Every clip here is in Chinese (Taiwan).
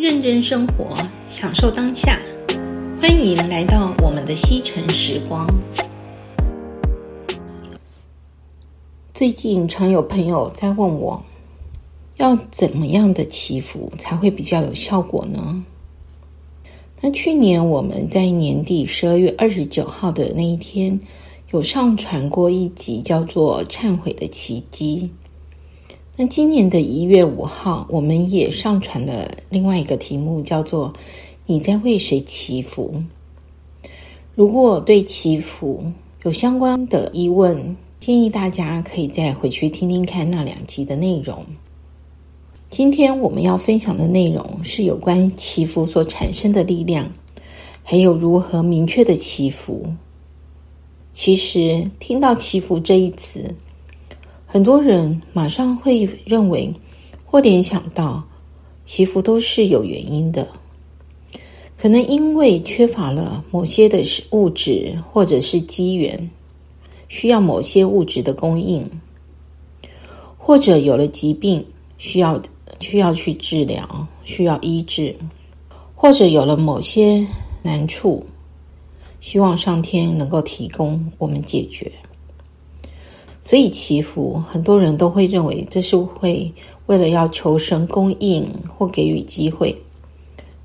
認真生活，享受當下。歡迎來到我們的西城時光。最近常有朋友在問我，要怎麼樣的祈福才會比較有效果呢？那去年我們在年底十二月二十九號的那一天，有上傳過一集叫做《懺悔的奇蹟》。那今年的一月五號，我們也上傳了另外一個題目，叫做“你在為誰祈福”。如果對祈福有相關的疑問，建議大家可以再回去聽聽看那兩集的內容。今天我們要分享的內容是有關祈福所產生的力量，還有如何明確的祈福。其實聽到“祈福”這一詞。很多人馬上會認為，或聯想到，祈福都是有原因的，可能因為缺乏了某些的物質，或者是機緣，需要某些物質的供應，或者有了疾病，需要需要去治療，需要醫治，或者有了某些難處，希望上天能夠提供我們解決。所以祈福，很多人都會認為，這是會為了要求神供應或給予機會，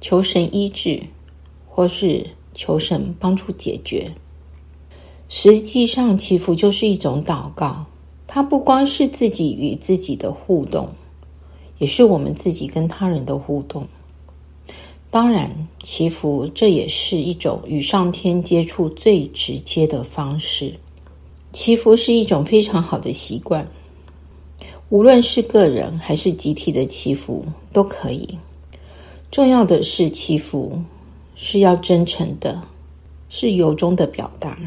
求神醫治或是求神幫助解決。實際上，祈福就是一種禱告，它不光是自己與自己的互動，也是我們自己跟他人的互動。當然，祈福這也是一種與上天接觸最直接的方式。祈福是一種非常好的習慣，無論是個人還是集體的祈福都可以。重要的是祈福是要真誠的，是由衷的表達。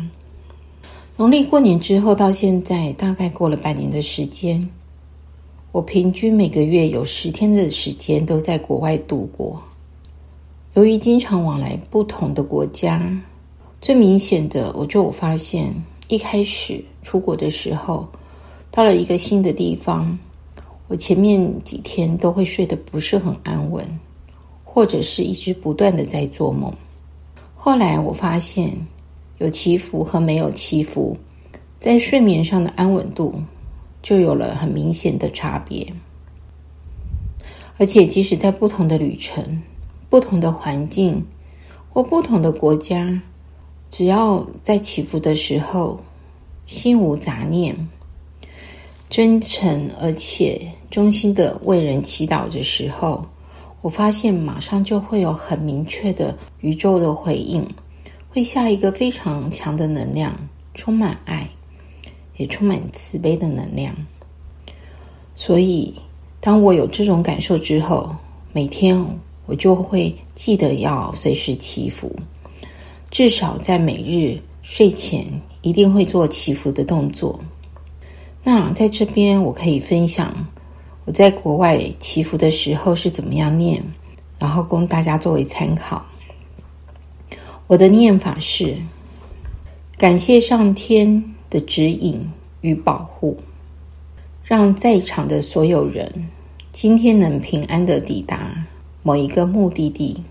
農曆過年之後到現在，大概過了半年的時間，我平均每個月有十天的時間都在國外度過。由於經常往來不同的國家，最明顯的我就我發現。一開始出國的時候，到了一個新的地方，我前面幾天都會睡得不是很安穩，或者是一直不斷的在做夢。後來我發現，有祈福和沒有祈福，在睡眠上的安穩度就有了很明顯的差別。而且，即使在不同的旅程、不同的環境或不同的國家。只要在祈福的時候，心無雜念，真誠而且衷心的為人祈禱的時候，我發現馬上就會有很明確的宇宙的回應，會下一個非常強的能量，充滿愛，也充滿慈悲的能量。所以，當我有這種感受之後，每天我就會記得要隨時祈福。至少在每日睡前一定會做祈福的動作。那在這邊，我可以分享我在國外祈福的時候是怎麼樣念，然後供大家作為參考。我的念法是：感謝上天的指引與保護，讓在場的所有人今天能平安地抵達某一個目的地。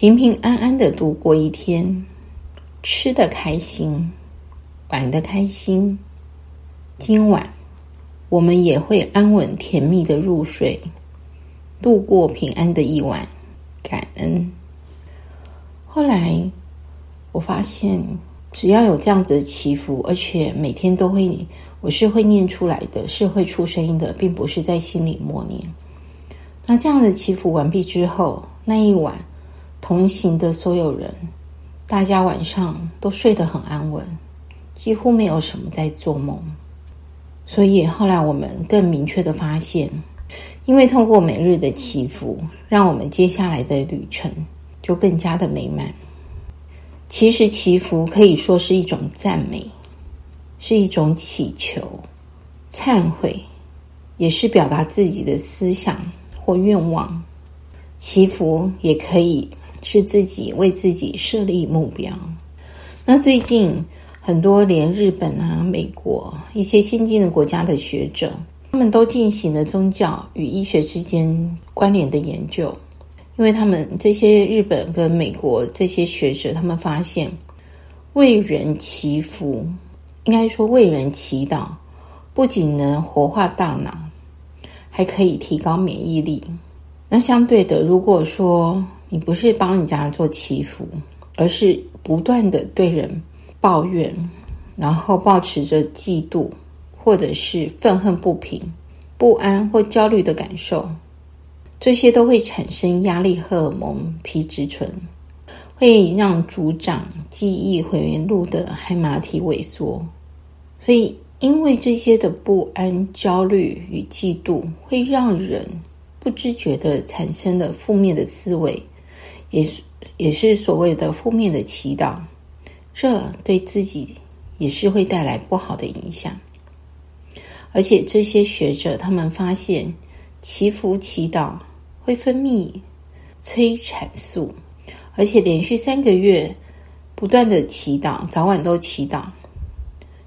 平平安安的度過一天，吃得開心，玩得開心。今晚我們也會安穩甜蜜的入睡，度過平安的一晚，感恩。後來我發現，只要有這樣子的祈福，而且每天都會，我是會念出來的，是會出聲音的，並不是在心裡默念。那這樣的祈福完畢之後，那一晚。同行的所有人，大家晚上都睡得很安穩，幾乎沒有什麼在做夢。所以後來我們更明確的發現，因為通過每日的祈福，讓我們接下來的旅程就更加的美滿。其實祈福可以說是一種讚美，是一種祈求、懺悔，也是表達自己的思想或願望。祈福也可以。是自己為自己設立目標。那最近很多連日本啊、美國一些先進的國家的學者，他們都進行了宗教與醫學之間關聯的研究，因為他們這些日本跟美國這些學者，他們發現為人祈福，應該說為人祈禱，不僅能活化大腦，還可以提高免疫力。那相對的，如果說你不是幫你家做祈福，而是不斷地對人抱怨，然後抱持着嫉妒，或者是憤恨不平、不安或焦慮的感受，這些都會產生壓力荷爾蒙皮質醇，會讓主掌記憶回原路的海馬體萎縮。所以，因為這些的不安、焦慮與嫉妒，會讓人不知覺地產生了負面的思維。也是也是所謂的負面的祈禱，這對自己也是會帶來不好的影響。而且這些學者他們發現，祈福祈禱會分泌催產素，而且連續三個月不斷的祈禱，早晚都祈禱，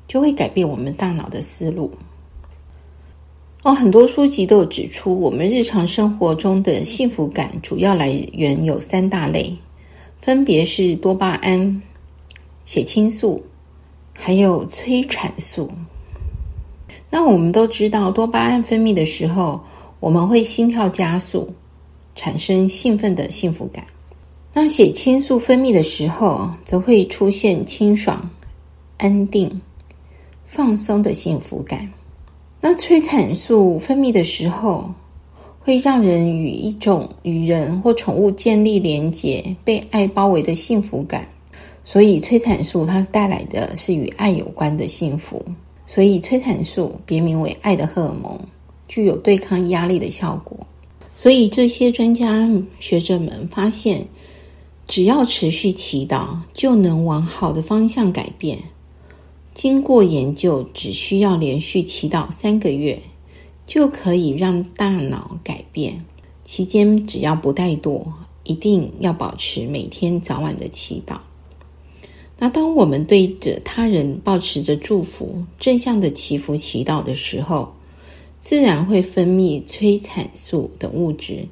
就會改變我們大腦的思路。哦，很多書籍都有指出，我們日常生活中的幸福感主要來源有三大類，分別是多巴胺、血清素，還有催產素。那我們都知道，多巴胺分泌的時候，我們會心跳加速，產生興奮的幸福感。那血清素分泌的時候，則會出現清爽、安定、放鬆的幸福感。那催產素分泌的時候，會讓人與一種與人或寵物建立連接、被愛包圍的幸福感。所以催產素它帶來的是與愛有關的幸福。所以催產素別名為“愛的荷爾蒙”，具有對抗壓力的效果。所以這些專家學者們發現，只要持續祈禱，就能往好的方向改變。經過研究，只需要連續祈禱三個月，就可以讓大腦改變。期間只要不怠惰，一定要保持每天早晚的祈禱。那當我們對着他人抱持着祝福、正向的祈福祈禱的時候，自然會分泌催產素等物質，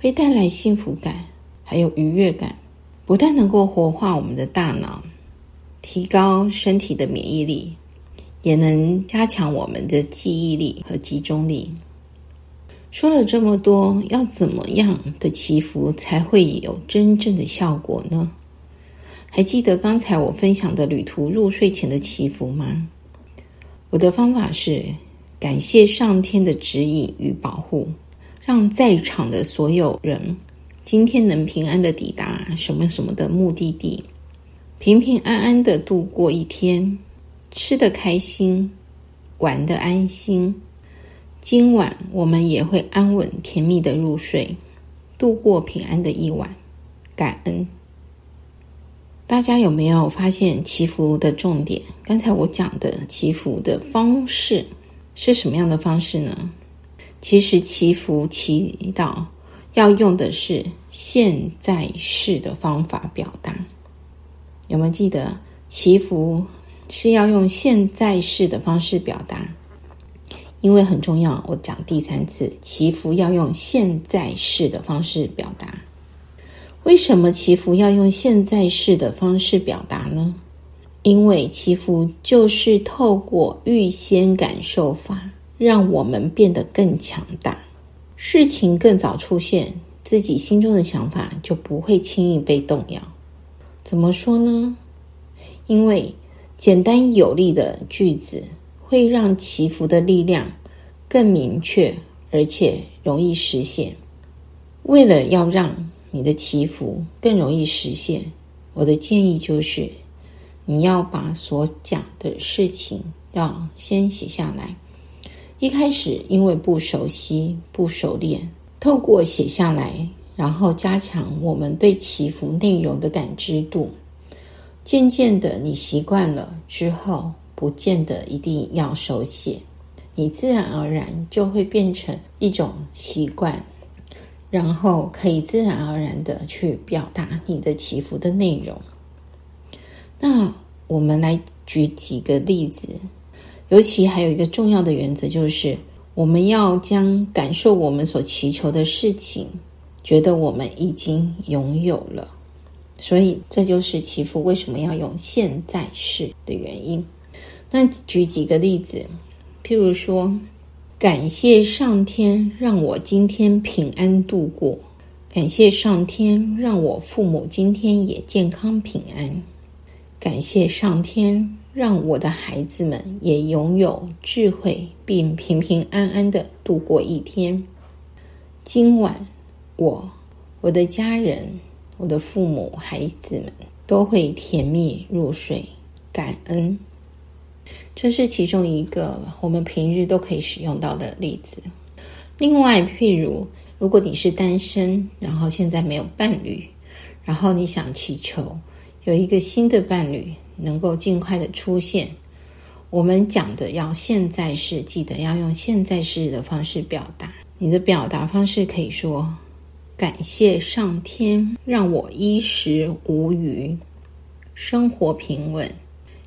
會帶來幸福感，還有愉悅感。不但能夠活化我們的大腦。提高身體的免疫力，也能加強我們的記憶力和集中力。說了這麼多，要怎麼樣的祈福才會有真正的效果呢？還記得剛才我分享的旅途入睡前的祈福嗎？我的方法是感謝上天的指引與保護，讓在場的所有人今天能平安地抵達什麼什麼的目的地。平平安安的度過一天，吃得開心，玩得安心。今晚我們也會安穩甜蜜的入睡，度過平安的一晚。感恩。大家有沒有發現祈福的重點？剛才我講的祈福的方式是什麼樣的方式呢？其實祈福祈禱要用的是現在式的方法表達。有沒有記得祈福是要用現在式的方式表達？因為很重要，我講第三次，祈福要用現在式的方式表達。為什麼祈福要用現在式的方式表達呢？因為祈福就是透過預先感受法，讓我們變得更強大。事情更早出現，自己心中的想法就不會輕易被動搖。怎麼說呢？因為簡單有力的句子會讓祈福的力量更明確，而且容易實現。為了要讓你的祈福更容易實現，我的建議就是你要把所講的事情要先寫下來。一開始因為不熟悉、不熟練，透過寫下來。然後加強我們對祈福內容的感知度，漸漸的你習慣了之後，不見得一定要手寫，你自然而然就會變成一種習慣，然後可以自然而然的去表達你的祈福的內容。那我們來舉幾個例子，尤其還有一個重要的原則，就是我們要將感受我們所祈求的事情。覺得我們已經擁有了，所以這就是祈福為什麼要用現在式的原因。那舉幾個例子，譬如說，感謝上天讓我今天平安度過；感謝上天讓我父母今天也健康平安；感謝上天讓我的孩子們也擁有智慧，並平平安安的度過一天。今晚。我、我的家人、我的父母、孩子們都會甜蜜入睡，感恩。這是其中一個我們平日都可以使用到的例子。另外，譬如如果你是單身，然後現在沒有伴侶，然後你想祈求有一個新的伴侶能夠儘快的出現，我們講的要現在式，記得要用現在式的方式表達。你的表達方式可以說。感謝上天讓我衣食無虞，生活平穩。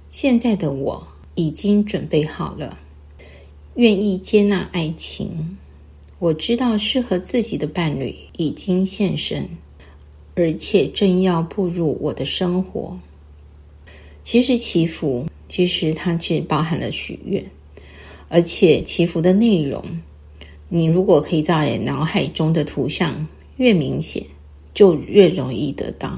現在的我已經準備好了，願意接納愛情。我知道適合自己的伴侶已經現身，而且正要步入我的生活。其實祈福，其實它只包含了許願，而且祈福的內容，你如果可以在腦海中的圖像。越明顯，就越容易得到。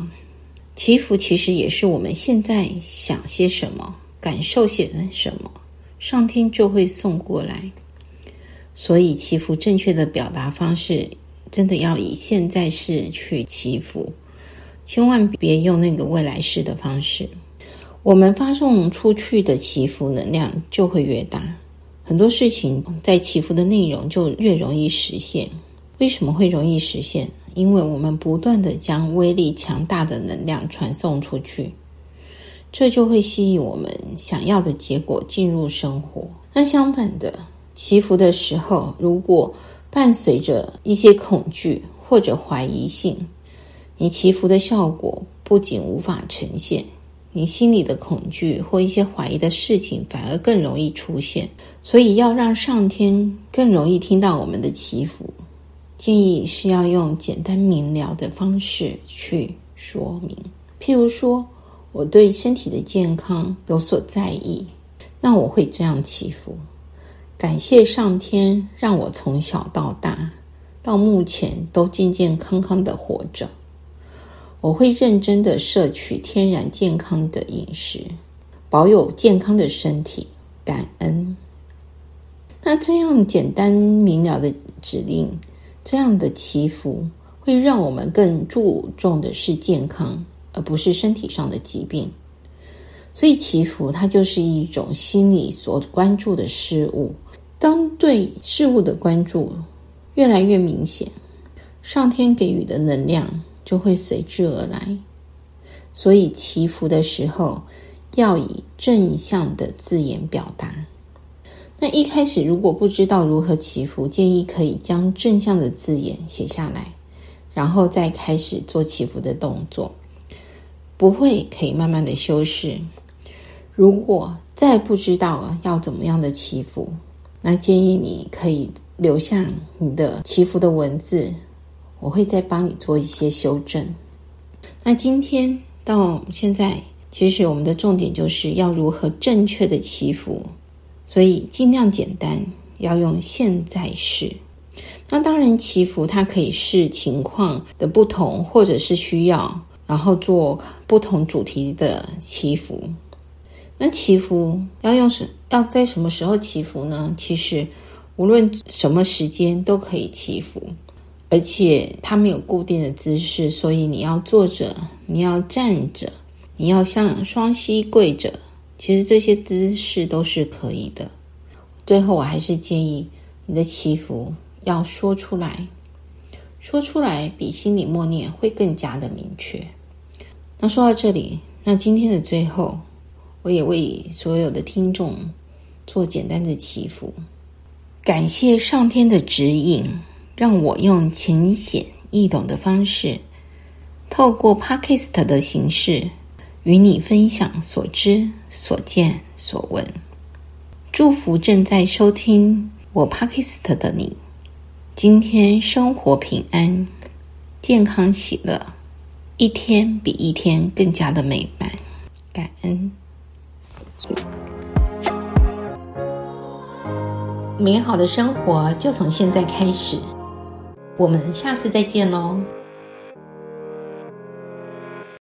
祈福其實也是我們現在想些什麼，感受些什麼，上天就會送過來。所以，祈福正確的表達方式，真的要以現在式去祈福，千萬別用那個未來式的方式。我們發送出去的祈福能量就會越大，很多事情在祈福的內容就越容易實現。為什麼會容易實現？因為我們不斷地將威力強大的能量傳送出去，這就會吸引我們想要的結果進入生活。那相反的，祈福的時候，如果伴隨着一些恐懼或者懷疑性，你祈福的效果不僅無法呈現，你心裡的恐懼或一些懷疑的事情反而更容易出現。所以要讓上天更容易聽到我們的祈福。建議是要用簡單明了的方式去說明。譬如說，我對身體的健康有所在意，那我會這樣祈福：感謝上天讓我從小到大到目前都健健康康的活着。我會認真的攝取天然健康的飲食，保有健康的身體，感恩。那這樣簡單明了的指令。這樣的祈福會讓我們更注重的是健康，而不是身體上的疾病。所以，祈福它就是一種心理所關注的事物。當對事物的關注越來越明顯，上天給予的能量就會隨之而來。所以，祈福的時候要以正向的字眼表達。那一開始如果不知道如何祈福，建議可以將正向的字眼寫下來，然後再開始做祈福的動作。不會可以慢慢的修飾。如果再不知道要怎麼樣的祈福，那建議你可以留下你的祈福的文字，我會再幫你做一些修正。那今天到現在，其實我們的重點就是要如何正確的祈福。所以盡量簡單，要用現在式。那當然，祈福它可以視情況的不同，或者是需要，然後做不同主題的祈福。那祈福要用什？要在什麼時候祈福呢？其實無論什麼時間都可以祈福，而且它沒有固定的姿勢，所以你要坐着，你要站着，你要像雙膝跪着。其實這些姿勢都是可以的。最後，我還是建議你的祈福要說出來，說出來比心裡默念會更加的明確。那說到這裡，那今天的最後，我也為所有的聽眾做簡單的祈福，感謝上天的指引，讓我用淺顯易懂的方式，透過 Podcast 的形式。與你分享所知、所見、所聞，祝福正在收聽我 Podcast 的你，今天生活平安、健康、喜樂，一天比一天更加的美滿。感恩，美好的生活就從現在開始，我們下次再見嘍。